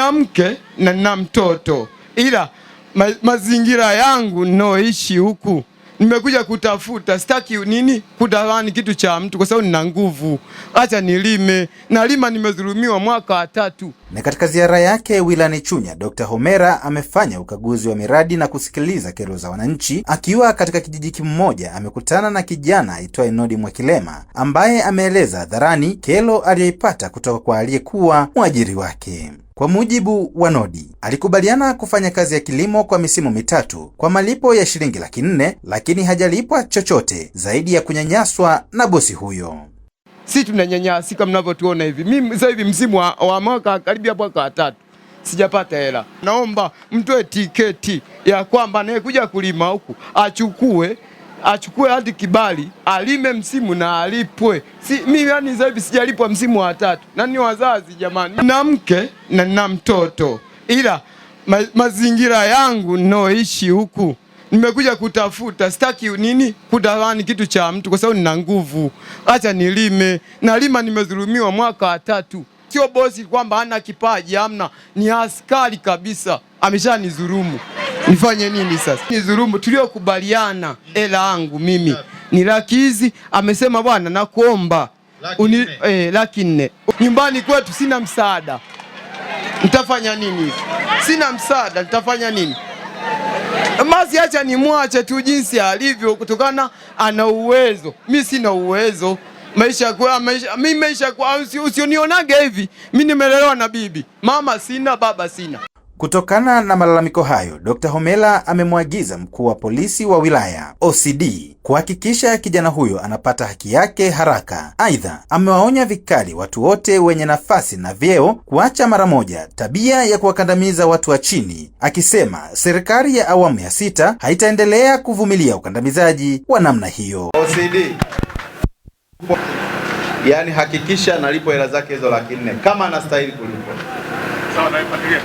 nina mke na nina mtoto, ila ma, mazingira yangu ninaoishi huku nimekuja kutafuta, sitaki nini kutamani kitu cha mtu, kwa sababu nina nguvu. Acha nilime, nalima. Nimedhulumiwa mwaka wa tatu. Na katika ziara yake wilani Chunya, Dr. Homera amefanya ukaguzi wa miradi na kusikiliza kero za wananchi. Akiwa katika kijiji kimoja, amekutana na kijana aitwaye Nodi Mwakilema ambaye ameeleza hadharani kero aliyoipata kutoka kwa aliyekuwa mwajiri wake. Kwa mujibu wa Nodi, alikubaliana kufanya kazi ya kilimo kwa misimu mitatu kwa malipo ya shilingi laki nne, lakini hajalipwa chochote zaidi ya kunyanyaswa na bosi huyo. Si kama mnavyotuona hivi. Mimi sasa hivi msimu wa, wa mwaka ya mwaka watatu sijapata hela. Naomba mtoe tiketi ya kwamba anayekuja kulima huku achukue achukue hadi kibali alime msimu na alipwe. Si mimi yani sasa hivi sijalipwa msimu wa tatu, na ni wazazi jamani, na mke na na mtoto, ila ma, mazingira yangu ninaoishi huku nimekuja kutafuta, sitaki nini kutamani kitu cha mtu, kwa sababu nina nguvu. Acha nilime, nalima. Nimedhulumiwa mwaka wa tatu. Sio bosi kwamba hana kipaji, amna, ni askari kabisa, ameshanidhulumu nifanye nini sasa? Ni dhulumu tuliyokubaliana. Hela yangu mimi ni laki hizi, amesema bwana, nakuomba laki nne eh, nyumbani kwetu sina msaada, nitafanya nini hivi? Sina msaada, nitafanya nini? Basi acha nimwache tu jinsi alivyo, kutokana ana uwezo, mi sina uwezo. Maisha kwa maisha, mimi maisha kwa usionionage usi hivi. Mi nimelelewa na bibi, mama sina, baba sina. Kutokana na malalamiko hayo, Dkt. homela amemwagiza mkuu wa polisi wa wilaya OCD kuhakikisha kijana huyo anapata haki yake haraka. Aidha, amewaonya vikali watu wote wenye nafasi na vyeo kuacha mara moja tabia ya kuwakandamiza watu wa chini, akisema serikali ya awamu ya sita haitaendelea kuvumilia ukandamizaji wa namna hiyo. OCD yani hakikisha analipo hela zake hizo laki nne kama anastahili kulipa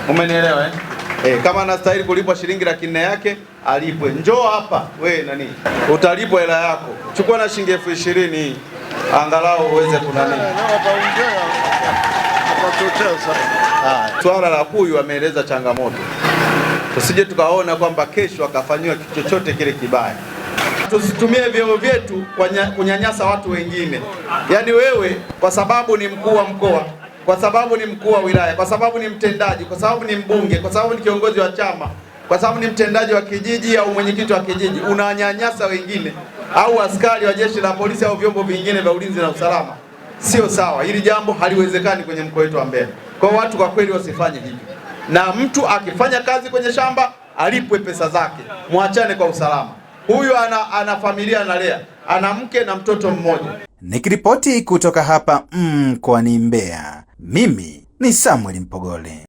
Umenielewa eh? Eh, kama anastahili kulipwa shilingi laki nne yake alipwe. Njoo hapa we nani, utalipwa hela yako. Chukua na shilingi elfu ishirini angalau uweze kunani. Swala la huyu ameeleza changamoto, tusije tukaona kwamba kesho akafanyiwa kitu chochote kile kibaya. Tusitumie vyeo vyetu kunyanyasa watu wengine, yaani wewe kwa sababu ni mkuu wa mkoa kwa sababu ni mkuu wa wilaya, kwa sababu ni mtendaji, kwa sababu ni mbunge, kwa sababu ni kiongozi wa chama, kwa sababu ni mtendaji wa kijiji au mwenyekiti wa kijiji, unanyanyasa wengine au askari wa jeshi la polisi au vyombo vingine vya ulinzi na usalama, sio sawa. Hili jambo haliwezekani kwenye mkoa wetu wa Mbeya. Kwa watu kwa kweli wasifanye hivyo, na mtu akifanya kazi kwenye shamba alipwe pesa zake, mwachane kwa usalama. Huyu ana, ana familia analea, ana mke na mtoto mmoja. Nikiripoti kutoka hapa mkoani mm, Mbeya. Mimi ni Samuel Mpogole.